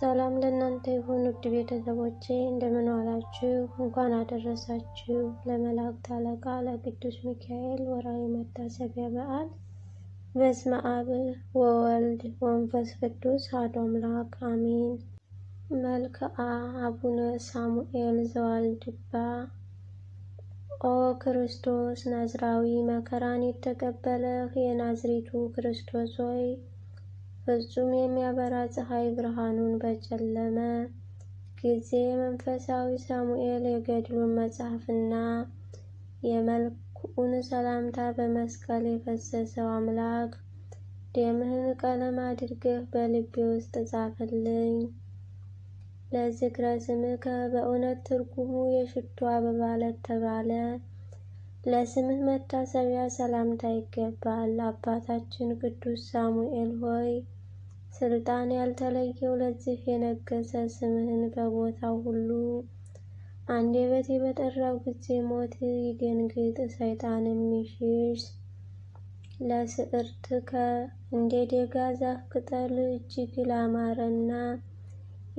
ሰላም ለእናንተ ይሁን ውድ ቤተሰቦቼ፣ እንደምን ዋላችሁ? እንኳን አደረሳችሁ ለመላእክት አለቃ ለቅዱስ ሚካኤል ወራዊ መታሰቢያ በዓል። በስመ አብ ወወልድ ወንፈስ ቅዱስ አሐዱ አምላክ አሜን። መልክአ አቡነ ሳሙኤል ዘዋልድባ። ኦ ክርስቶስ ናዝራዊ መከራን የተቀበለህ የናዝሬቱ ክርስቶስ ሆይ ፍጹም የሚያበራ ፀሐይ ብርሃኑን በጨለመ ጊዜ መንፈሳዊ ሳሙኤል የገድሉን መጽሐፍና የመልኩን ሰላምታ በመስቀል የፈሰሰው አምላክ ደምህን ቀለም አድርገህ በልቤ ውስጥ ጻፍልኝ። ለዝክረ ስምከ በእውነት ትርጉሙ የሽቱ አበባ ለተባለ ለስምህ መታሰቢያ ሰላምታ ይገባል። አባታችን ቅዱስ ሳሙኤል ሆይ ስልጣን ያልተለየው ለዚህ የነገሰ ስምህን በቦታው ሁሉ በቴ በጠራው ጊዜ ሞት ይደንግጥ ሰይጣንም ይሽሽ። ለስዕርትከ እንደ ደጋ ዛፍ ቅጠል እጅግ ላማረና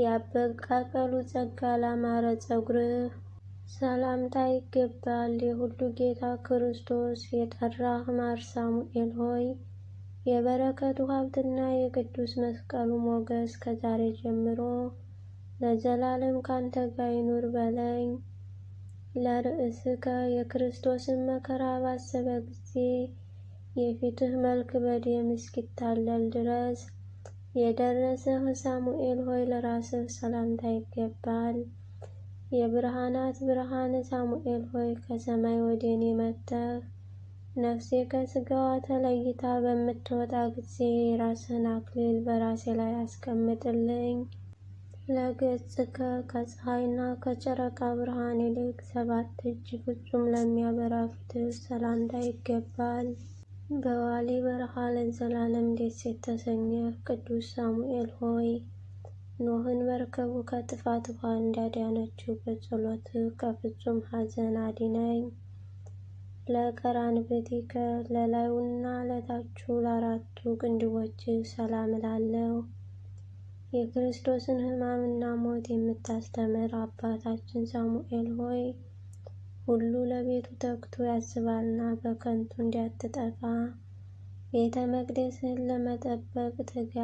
ያበቃቀሉ ጸጋ ላማረ ጸጉርህ ሰላምታ ይገባል። የሁሉ ጌታ ክርስቶስ የጠራህ ማር ሳሙኤል ሆይ የበረከቱ ሀብትና የቅዱስ መስቀሉ ሞገስ ከዛሬ ጀምሮ ለዘላለም ካንተ ጋር ይኑር በለኝ። ለርእስከ የክርስቶስን መከራ ባሰበ ጊዜ የፊትህ መልክ በደም እስኪታለል ድረስ የደረሰህ ሳሙኤል ሆይ ለራስህ ሰላምታ ይገባል። የብርሃናት ብርሃን ሳሙኤል ሆይ ከሰማይ ወደ እኔ መጥተህ ነፍሴ ከስጋዋ ተለይታ በምትወጣ ጊዜ የራስህን አክሊል በራሴ ላይ አስቀምጥልኝ። ለገጽከ ከፀሐይና ከጨረቃ ብርሃን ይልቅ ሰባት እጅ ፍጹም ለሚያበራ ፊትህ ሰላምታ ይገባል። በዋሊ በረሃ ለዘላለም ደሴት ተሰኘህ። ቅዱስ ሳሙኤል ሆይ ኖህን መርከቡ ከጥፋት ውሃ እንዳዳነችው በጸሎት ከፍጹም ሐዘን አድነኝ። ለቀራንብቲከ ለላዩና ለታቹ ለአራቱ ቅንድቦች ሰላም እላለሁ። የክርስቶስን ሕማምና ሞት የምታስተምር አባታችን ሳሙኤል ሆይ ሁሉ ለቤቱ ተግቶ ያስባልና በከንቱ እንዲያትጠፋ ቤተ መቅደስን ለመጠበቅ ትጋ።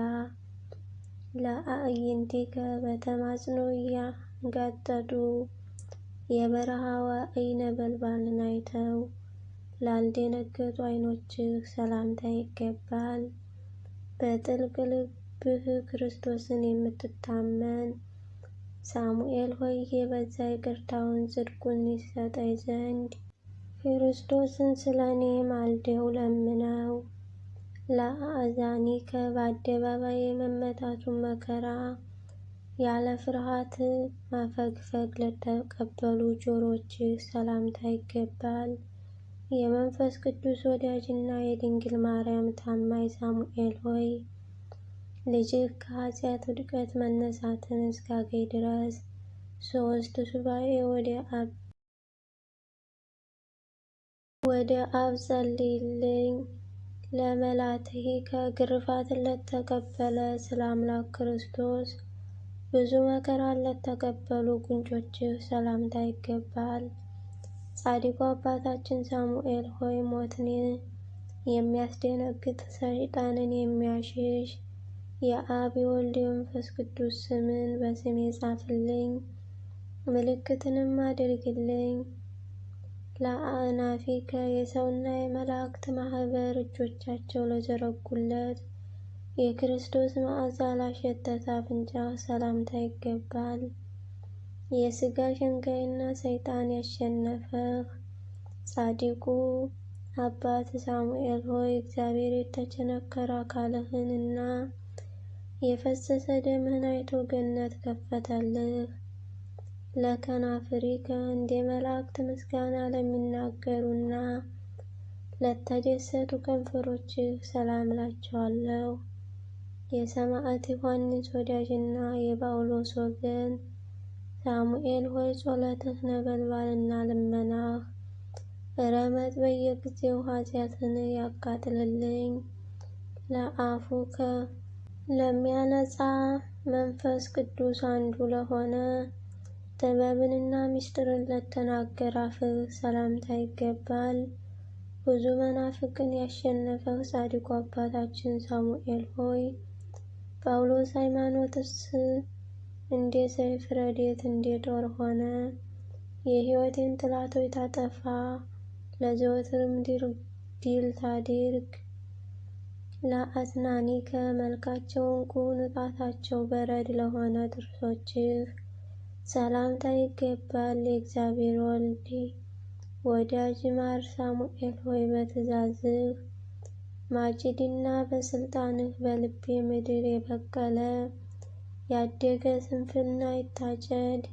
ለአዕይንቲከ በተማጽኖ እያንጋጠጡ የበረሃዋ አይ ነበልባልን አይተው ላልደነገጡ ዓይኖችህ ሰላምታ ይገባል። በጥልቅ ልብህ ክርስቶስን የምትታመን ሳሙኤል ሆይ የበዛ ይቅርታውን ጽድቁን ይሰጠኝ ዘንድ ክርስቶስን ስለ እኔ ማልደው ለምነው። ለአእዛኒከ በአደባባይ የመመታቱን መከራ ያለ ፍርሃት ማፈግፈግ ለተቀበሉ ጆሮች ሰላምታ ይገባል። የመንፈስ ቅዱስ ወዳጅና የድንግል ማርያም ታማኝ ሳሙኤል ሆይ ልጅህ ከኃጢአት ውድቀት መነሳትን እስካገኝ ድረስ ሶስት ሱባኤ ወደ አብ ወደ አብ ጸልይልኝ። ለመላትህ ከግርፋት ለተቀበለ ስለ አምላክ ክርስቶስ ብዙ መከራ ለተቀበሉ ጉንጮችህ ሰላምታ ይገባል። ጻድቁ አባታችን ሳሙኤል ሆይ ሞትን የሚያስደነግጥ ሰይጣንን የሚያሽሽ የአብ የወልድ የመንፈስ ቅዱስ ስምን በስሜ ጻፍልኝ፣ ምልክትንም አድርግልኝ። ለአእናፊከ የሰውና የመላእክት ማህበር እጆቻቸው ለዘረጉለት የክርስቶስ መዓዛ ላሸተተ አፍንጫ ሰላምታ ይገባል። የስጋ ሸንጋይና ሰይጣን ያሸነፈህ ጻድቁ አባት ሳሙኤል ሆይ እግዚአብሔር የተቸነከረ እና የፈሰሰ ደምህን አይቶ ገነት ከፈተልህ። ለከናፍሪከ እንደ መላእክት ምስጋና ለሚናገሩና ለተደሰቱ ከንፈሮች ሰላም ላቸዋለሁ። የሰማዕት ዮሐንስ ወዳጅና የጳውሎስ ወገን ሳሙኤል ሆይ ጸሎትህ ነበልባልና ልመናህ ረመጥ በየጊዜው ኃጢአትን ያቃጥልልኝ። ለአፉ ከ ለሚያነጻ መንፈስ ቅዱስ አንዱ ለሆነ ጥበብንና ምስጢርን ለተናገረ አፍህ ሰላምታ ይገባል። ብዙ መናፍቅን ያሸነፈህ ጻድቁ አባታችን ሳሙኤል ሆይ ጳውሎስ ሃይማኖትስ እንዴት ሰይፍ ረድኤት እንደ ጦር ሆነ። የሕይወቴን ጠላቶች ታጠፋ፣ ለዘወትርም ድል ታድርግ። ለአስናኒከ መልካቸው እንቁ ንጣታቸው በረድ ለሆነ ጥርሶችህ ሰላምታ ይገባል። የእግዚአብሔር ወልድ ወዳጅ ማር ሳሙኤል ሆይ በትእዛዝህ ማጭድና በስልጣንህ በልቤ ምድር የበቀለ ያደገ ስንፍና ይታጨድ።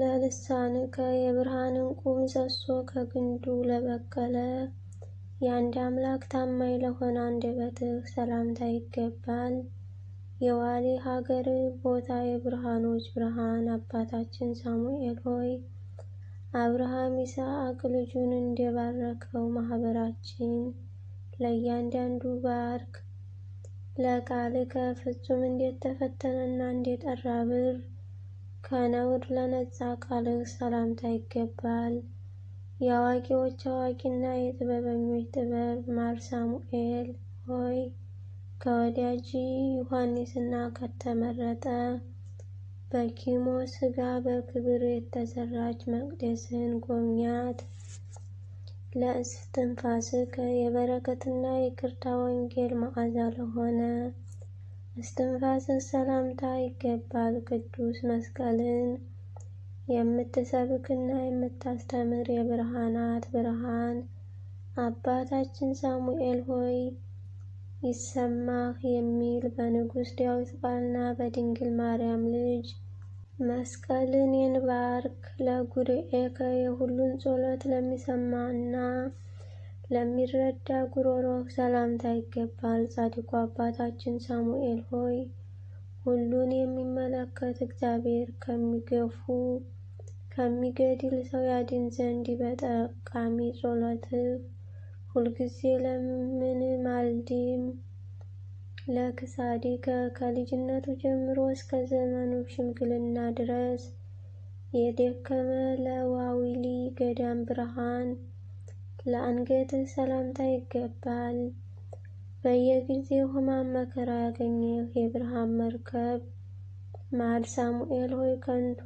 ለልሳንከ የብርሃን እንቁ ምሰሶ ከግንዱ ለበቀለ የአንድ አምላክ ታማኝ ለሆነ አንደበትህ ሰላምታ ይገባል። የዋሌ ሀገር ቦታ የብርሃኖች ብርሃን አባታችን ሳሙኤል ሆይ አብርሃም ይስሐቅ ልጁን እንደባረከው ማህበራችን ለእያንዳንዱ ባርክ። ለቃልከ ፍጹም እንዴት ተፈተነና እንዴት ጠራ ብር ከነውር ለነጻ ቃልህ ሰላምታ ይገባል። የአዋቂዎች አዋቂና የጥበበኞች ጥበብ ማር ሳሙኤል ሆይ ከወዳጅ ዮሐንስና ከተመረጠ በኪሞ ስጋ በክብር የተሰራች መቅደስህን ጎብኛት። ለእስትንፋስከ የበረከትና የክርታ ወንጌል መዓዛ ለሆነ እስትንፋስ ሰላምታ ይገባል። ቅዱስ መስቀልን የምትሰብክና የምታስተምር የብርሃናት ብርሃን አባታችን ሳሙኤል ሆይ ይሰማህ የሚል በንጉሥ ዳዊት ቃልና በድንግል ማርያም ልጅ መስቀልን የንባርክ ለጉርኤከ የሁሉን ጸሎት ለሚሰማና ለሚረዳ ጉሮሮህ ሰላምታ ይገባል። ጻድቁ አባታችን ሳሙኤል ሆይ ሁሉን የሚመለከት እግዚአብሔር ከሚገፉ ከሚገድል ሰው ያድን ዘንድ በጠቃሚ ጸሎትህ ሁልጊዜ ለምን ማልዲም ለክሳዲከ ከልጅነቱ ጀምሮ እስከ ዘመኑ ሽምግልና ድረስ የደከመ ለዋዊሊ ገዳም ብርሃን ለአንገት ሰላምታ ይገባል። በየጊዜው ሕማም መከራ ያገኘህ የብርሃን መርከብ ማር ሳሙኤል ሆይ ከንቱ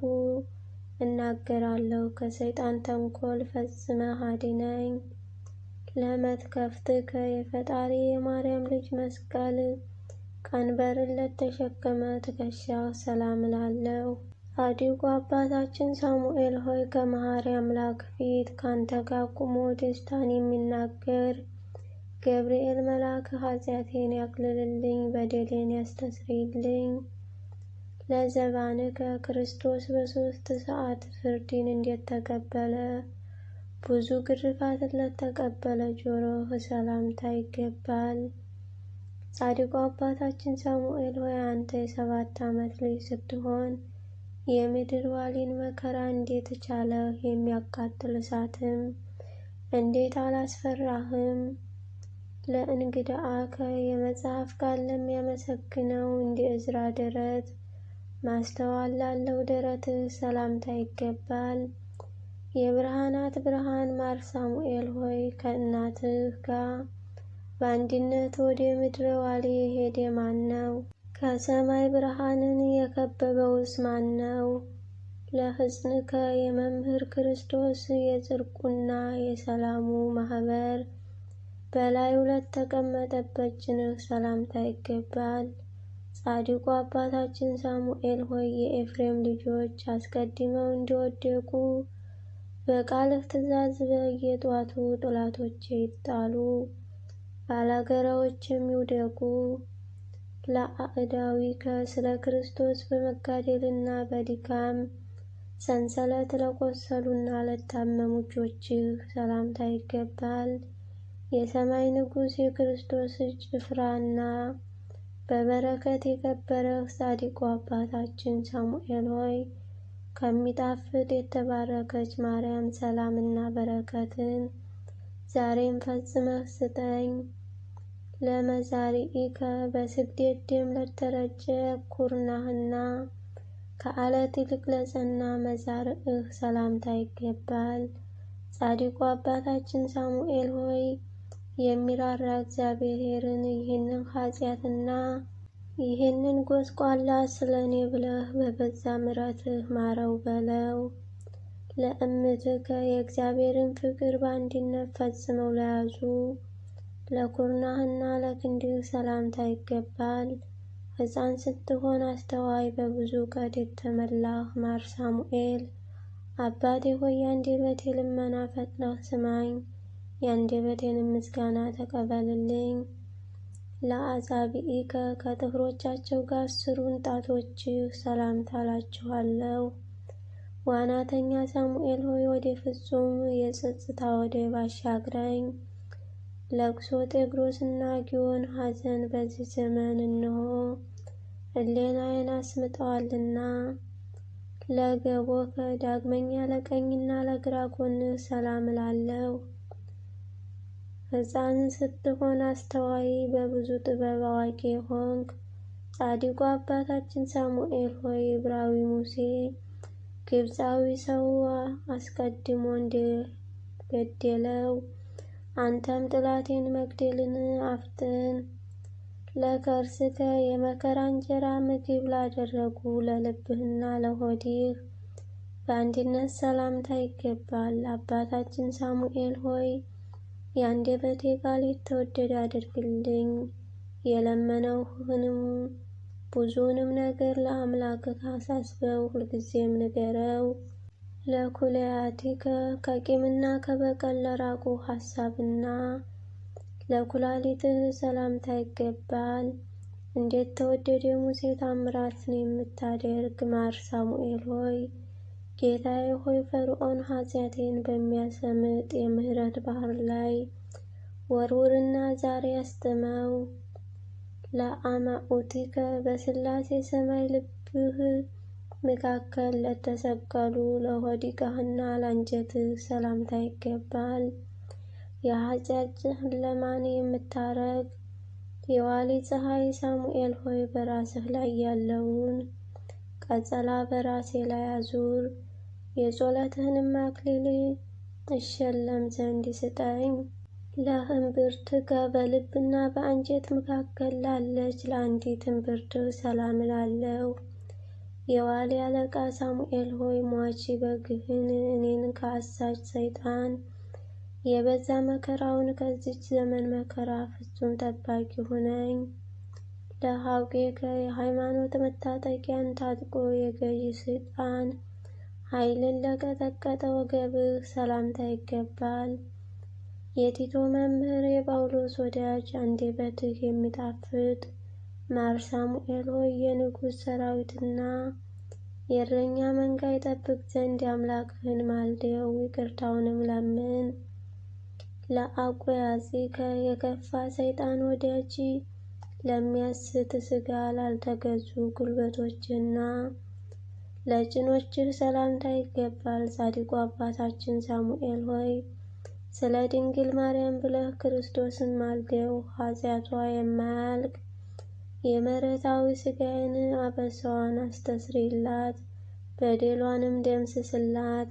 እናገራለሁ ከሰይጣን ተንኮል ፈጽመህ አድነኝ። ለመትከፍትከ የፈጣሪ የማርያም ልጅ መስቀል ቀንበርለት ተሸከመ ትከሻው ሰላም እላለሁ። ጻድቁ አባታችን ሳሙኤል ሆይ ከመሐሪ አምላክ ፊት ካንተ ጋር ቁሞ ደስታን የሚናገር ገብርኤል መልአክ ኃጢአቴን ያቅልልልኝ፣ በደሌን ያስተስርይልኝ። ለዘባንከ ክርስቶስ በሦስት ሰዓት ፍርድን እንዴት ተቀበለ ብዙ ግርፋትን ለተቀበለ ጆሮህ ሰላምታ ይገባል። ጻድቁ አባታችን ሳሙኤል ሆይ አንተ የሰባት ዓመት ልጅ ስትሆን የምድር ዋሊን መከራ እንዴት ቻለህ? የሚያቃጥል እሳትም እንዴት አላስፈራህም? ለእንግዳ አከ የመጽሐፍ ቃል ለሚያመሰግነው እንደ እዝራ ደረት ማስተዋል ላለው ደረትህ ሰላምታ ይገባል። የብርሃናት ብርሃን ማር ሳሙኤል ሆይ ከእናትህ ጋር በአንድነት ወደ ምድረ ዋል የሄደ ማን ነው? ከሰማይ ብርሃንን የከበበውስ ማን ነው? ለሕጽንከ የመምህር ክርስቶስ የጽርቁና የሰላሙ ማኅበር በላዩ ለተቀመጠበት ጭንህ ሰላምታ ይገባል። ጻድቁ አባታችን ሳሙኤል ሆይ የኤፍሬም ልጆች አስቀድመው እንዲወደቁ በቃልህ ትእዛዝ በየጧቱ ጠላቶቼ ይጣሉ። ባላገራዎችም ይውደቁ። ለአእዳዊ ከስለ ክርስቶስ በመጋደልና በድካም ሰንሰለት ለቆሰሉና ለታመሙ እጆችህ ሰላምታ ይገባል። የሰማይ ንጉሥ የክርስቶስ ጭፍራና በበረከት የከበረህ ጻድቁ አባታችን ሳሙኤል ሆይ ከሚጣፍጥ የተባረከች ማርያም ሰላምና በረከትን ዛሬም ፈጽመህ ስጠኝ። ለመዛሪኢከ በስግዴት ድም ለተረጨ ኩርናህና ከአለት ይልቅ ለጸና መዛርዕህ ሰላምታ ይገባል። ጻድቁ አባታችን ሳሙኤል ሆይ የሚራራ እግዚአብሔርን ይህንን ኃጢአትና ይህንን ጎስቋላ ስለ እኔ ብለህ በበዛ ምረትህ ማረው በለው። ለእምትከ የእግዚአብሔርን ፍቅር በአንድነት ፈጽመው ለያዙ ለኩርናህና ለክንድህ ሰላምታ ይገባል። ሕፃን ስትሆን አስተዋይ በብዙ ቀድ የተመላህ ማር ሳሙኤል አባቴ ሆይ የአንደበቴን ልመና ፈጥነህ ስማኝ፣ የአንደበቴንም ምስጋና ተቀበልልኝ። ለአጻቢኢከ ከጥፍሮቻቸው ጋር ስሩን ጣቶችህ ሰላምታ እላችኋለሁ። ዋናተኛ ሳሙኤል ሆይ ወደ ፍጹም የጸጥታ ወደብ አሻግረኝ። ለቅሶ ጤግሮስና ጊዮን ሐዘን በዚህ ዘመን እንሆ እሌናዬን አስምጠዋልና። ለገቦከ ዳግመኛ ለቀኝና ለግራ ጎን ሰላም እላለሁ። ሕፃን ስትሆን አስተዋይ በብዙ ጥበብ አዋቂ ሆንክ። ጻድቁ አባታችን ሳሙኤል ሆይ ዕብራዊ ሙሴ ግብፃዊ ሰው አስቀድሞ እንደገደለው አንተም ጥላቴን መግደልን አፍጥን። ለከርስከ የመከራ እንጀራ ምግብ ላደረጉ ለልብህና ለሆድህ በአንድነት ሰላምታ ይገባል። አባታችን ሳሙኤል ሆይ የአንደበቴ ቃል የተወደደ አድርግልኝ። የለመነውህንም ብዙውንም ነገር ለአምላክ አሳስበው፣ ሁልጊዜም ንገረው። ለኩለያቲከ ከቂምና ከበቀል ለራቁ ሀሳብና ለኩላሊትህ ሰላምታ ይገባል። እንዴት ተወደደ ሙሴ ታምራትን የምታደርግ ማር ሳሙኤል ሆይ ጌታዬ ሆይ ፈርዖን ኃጢአቴን በሚያሰምጥ የምህረት ባህር ላይ ወርውርና ዛሬ ያስጥመው። ለአማኦቲከ በሥላሴ ሰማይ ልብህ መካከል ለተሰቀሉ ለሆዲቃህና ለአንጀትህ ሰላምታ ይገባል። የኃጢአት ለማን የምታረግ የዋሊ ፀሐይ ሳሙኤል ሆይ በራስህ ላይ ያለውን ቀጸላ በራሴ ላይ አዙር፣ የጾለትህንም አክሊል እሸለም ዘንድ ስጠኝ። ለእምብርት በልብና በአንጀት መካከል ላለች ለአንዲት እምብርት ሰላም እላለሁ። የዋሊ አለቃ ሳሙኤል ሆይ ሟቺ በግህን እኔን ከአሳች ሰይጣን የበዛ መከራውን ከዚች ዘመን መከራ ፍጹም ጠባቂ ሁነኝ። ለሐውቄ የሃይማኖት መታጠቂያን ታጥቆ የገዢ ሰይጣን ኃይልን ለቀጠቀጠ ወገብህ ሰላምታ ይገባል። የቲቶ መምህር የጳውሎስ ወዳጅ አንደበትህ የሚጣፍጥ ማር ሳሙኤል ሆይ የንጉሥ ሰራዊትና የእረኛ መንጋ ይጠብቅ ዘንድ አምላክህን ማልደው ይቅርታውንም ለምን። ለአቆያዚከ የከፋ ሰይጣን ወዳጅ ለሚያስት ስጋ ላልተገዙ ጉልበቶችና ለጭኖችህ ሰላምታ ይገባል። ጻድቁ አባታችን ሳሙኤል ሆይ ስለ ድንግል ማርያም ብለህ ክርስቶስን ማልደው ኃጢአቷ የማያልቅ የምሕረታዊ ሥጋዬን አበሳዋን አስተስሪላት በደሏንም ደምስስላት።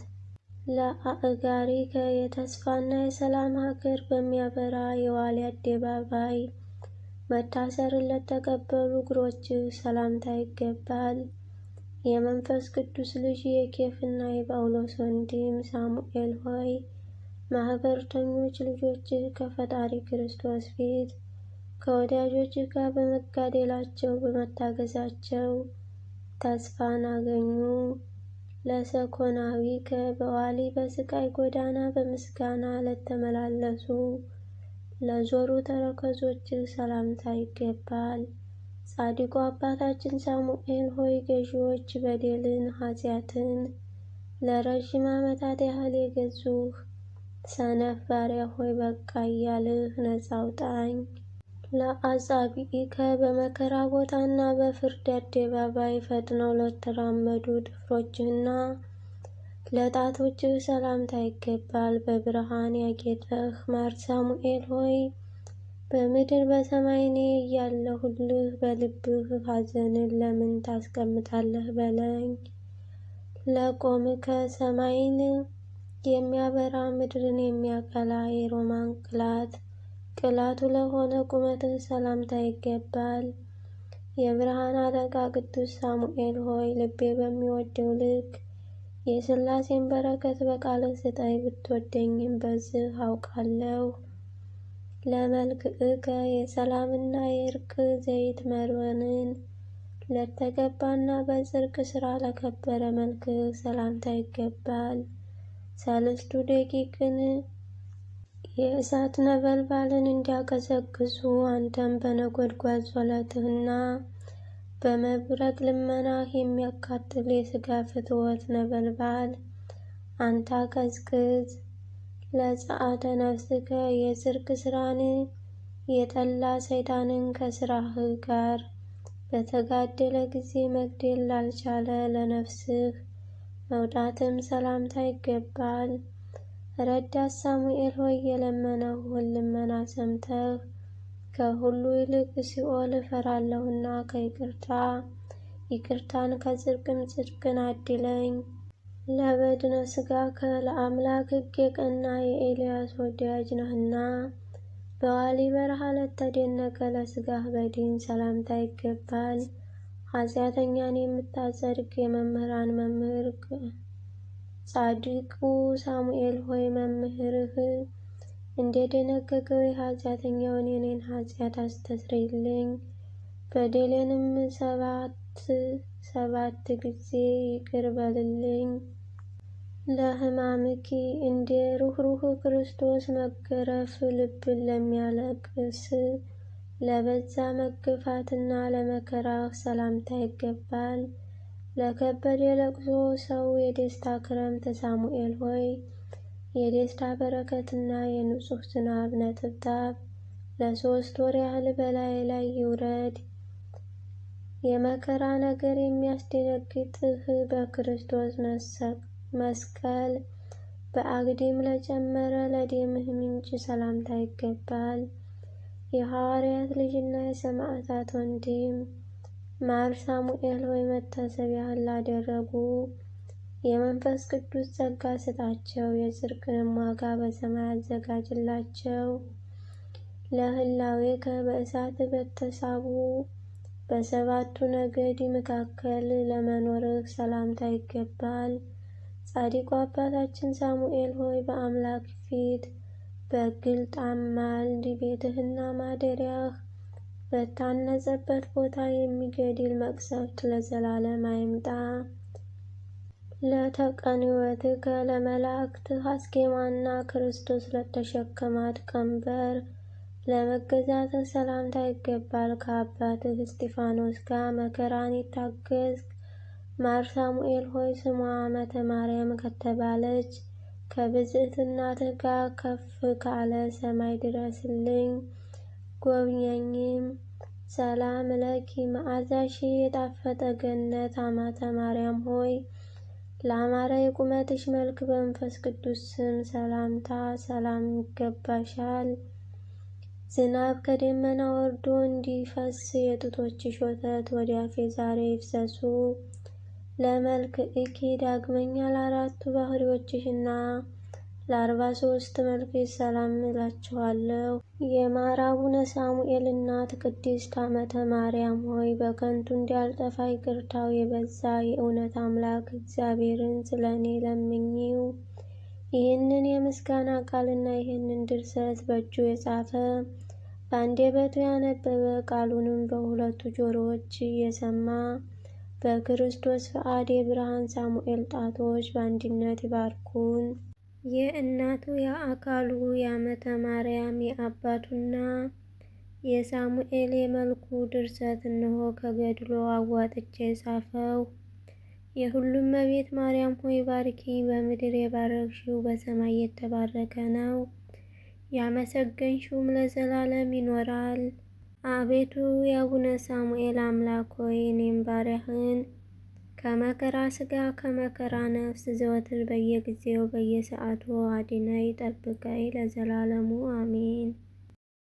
ለአእጋሪከ የተስፋና የሰላም ሀገር በሚያበራ የዋሊ አደባባይ መታሰርን ለተቀበሉ እግሮችህ ሰላምታ ይገባል። የመንፈስ ቅዱስ ልጅ የኬፍና የጳውሎስ ወንድም ሳሙኤል ሆይ ማህበርተኞች ልጆች ከፈጣሪ ክርስቶስ ፊት ከወዳጆች ጋር በመጋደላቸው በመታገዛቸው ተስፋን አገኙ። ለሰኮናዊ ከበዋሊ በስቃይ ጎዳና በምስጋና ለተመላለሱ ለዞሩ ተረከዞች ሰላምታ ይገባል። ጻድቁ አባታችን ሳሙኤል ሆይ ገዢዎች በደልን ኃጢአትን ለረዥም ዓመታት ያህል የገዙህ ሰነፍ ባሪያ ሆይ በቃ እያልህ ነፃ አውጣኝ። ለአጻብኢከ በመከራ ቦታና በፍርድ አደባባይ ፈጥነው ለተራመዱ ጥፍሮችህና ለጣቶችህ ሰላምታ ይገባል። በብርሃን ያጌጠህ ማር ሳሙኤል ሆይ በምድር በሰማይ እኔ እያለሁልህ በልብህ ሐዘንን ለምን ታስቀምጣለህ በለኝ። ለቆምከ ሰማይን የሚያበራ ምድርን የሚያቀላ የሮማን ቅላት ቅላቱ ለሆነ ቁመትህ ሰላምታ ይገባል። የብርሃን አለቃ ቅዱስ ሳሙኤል ሆይ ልቤ በሚወደው ልክ የሥላሴን በረከት በቃልህ ስጠኝ ብትወደኝም በዚህ አውቃለሁ። ለመልክ ለመልክዕከ የሰላምና የእርቅ ዘይት መርበንን ለተገባና በጽድቅ ሥራ ለከበረ መልክህ ሰላምታ ይገባል። ሰለስቱ ደቂቅን የእሳት ነበልባልን እንዲያቀዘቅዙ አንተም በነጎድጓድ ጸሎትህና በመብረቅ ልመናህ የሚያካትል የስጋ ፍትወት ነበልባል አንተ አቀዝቅዝ። ለጸአተ ነፍስከ የጽርቅ ስራን የጠላ ሰይጣንን ከስራህ ጋር በተጋደለ ጊዜ መግደል ላልቻለ ለነፍስህ መውጣትም ሰላምታ ይገባል። ረዳት ሳሙኤል ሆይ የለመነውን ልመና ሰምተህ ከሁሉ ይልቅ ሲኦል እፈራለሁና ከይቅርታ ይቅርታን ከጽድቅም ጽድቅን አድለኝ። ለበድነ ስጋ ከለአምላክ ሕግ የቀና የኤልያስ ወዳጅ ነህና በዋሊ በረሃ ለተደነቀ ለስጋህ በዲን ሰላምታ ይገባል። ኃጢአተኛን የምታጸድቅ የመምህራን መምህር ጻድቁ ሳሙኤል ሆይ መምህርህ እንደደነገገው የኃጢአተኛውን የኔን ኃጢአት አስተስርይልኝ በደሌንም ሰባት ሰባት ጊዜ ይቅር በልልኝ። ለሕማምኪ እንደ ሩኅሩኅ ክርስቶስ መገረፍ ልብን ለሚያለቅስ ለበዛ መግፋትና ለመከራህ ሰላምታ ይገባል። ለከበድ የለቅሶ ሰው የደስታ ክረምት ሳሙኤል ሆይ የደስታ በረከትና የንጹህ ዝናብ ነጥብጣብ ለሶስት ወር ያህል በላይ ላይ ይውረድ። የመከራ ነገር የሚያስደነግጥህ በክርስቶስ መስቀል በአግድም ለጨመረ ለደምህ ምንጭ ሰላምታ ይገባል። የሐዋርያት ልጅና የሰማዕታት ወንድም ማር ሳሙኤል ሆይ መታሰቢያህን ላደረጉ የመንፈስ ቅዱስ ጸጋ ስጣቸው፣ የጽድቅንም ዋጋ በሰማይ አዘጋጅላቸው። ለህላዌከ በእሳት በተሳቡ በሰባቱ ነገድ መካከል ለመኖርህ ሰላምታ ይገባል። ጻድቁ አባታችን ሳሙኤል ሆይ በአምላክ ፊት በግልጥ አማልድ ቤትህና ማደሪያህ በታነጸበት ቦታ የሚገድል መቅሰፍት ለዘላለም አይምጣ። ለተቀንወትከ ለመላእክትህ አስኬማና ክርስቶስ ለተሸከማት ቀንበር ለመገዛት ሰላምታ ይገባል። ከአባትህ እስጢፋኖስ ጋር መከራን የታገዝክ ማር ሳሙኤል ሆይ ስሟ ዓመተ ማርያም ከተባለች ከብጽዕት እናትህ ጋር ከፍ ካለ ሰማይ ድረስልኝ ጎብኘኝም። ሰላም ለኪ መዓዛሺ የጣፈጠ ገነት አማተ ማርያም ሆይ ለአማረ የቁመትሽ መልክ በመንፈስ ቅዱስ ስም ሰላምታ ሰላም ይገባሻል። ዝናብ ከደመና ወርዶ እንዲፈስ የጡቶችሽ ወተት ወዲያፌ ዛሬ ይፍሰሱ። ለመልክ ለመልክዕኪ ዳግመኛ ለአራቱ ባህሪዎችሽና ለአርባ ሶስት መልክሽ ሰላም እላችኋለሁ። የማር አቡነ ሳሙኤል እናት ቅድስት አመተ ማርያም ሆይ በከንቱ እንዲያልጠፋ ይቅርታው የበዛ የእውነት አምላክ እግዚአብሔርን ስለ እኔ ለምኝው። ይህንን የምስጋና ቃልና ይህንን ድርሰት በእጁ የጻፈ በአንደበቱ ያነበበ ቃሉንም በሁለቱ ጆሮዎች እየሰማ በክርስቶስ ፈቃድ የብርሃን ሳሙኤል ጣቶች በአንድነት ይባርኩን። የእናቱ የአካሉ የአመተ ማርያም የአባቱና የሳሙኤል የመልኩ ድርሰት እነሆ ከገድሎ አዋጥቼ ጻፈው። የሁሉም መቤት ማርያም ሆይ ባርኪ፣ በምድር የባረክሽው በሰማይ የተባረከ ነው። ያመሰገንሽውም ለዘላለም ይኖራል። አቤቱ የአቡነ ሳሙኤል አምላክ ሆይ እኔም ባሪያህን ከመከራ ስጋ ከመከራ ነፍስ ዘወትር በየጊዜው በየሰዓቱ አድነኝ፣ ጠብቀኝ ለዘላለሙ አሜን።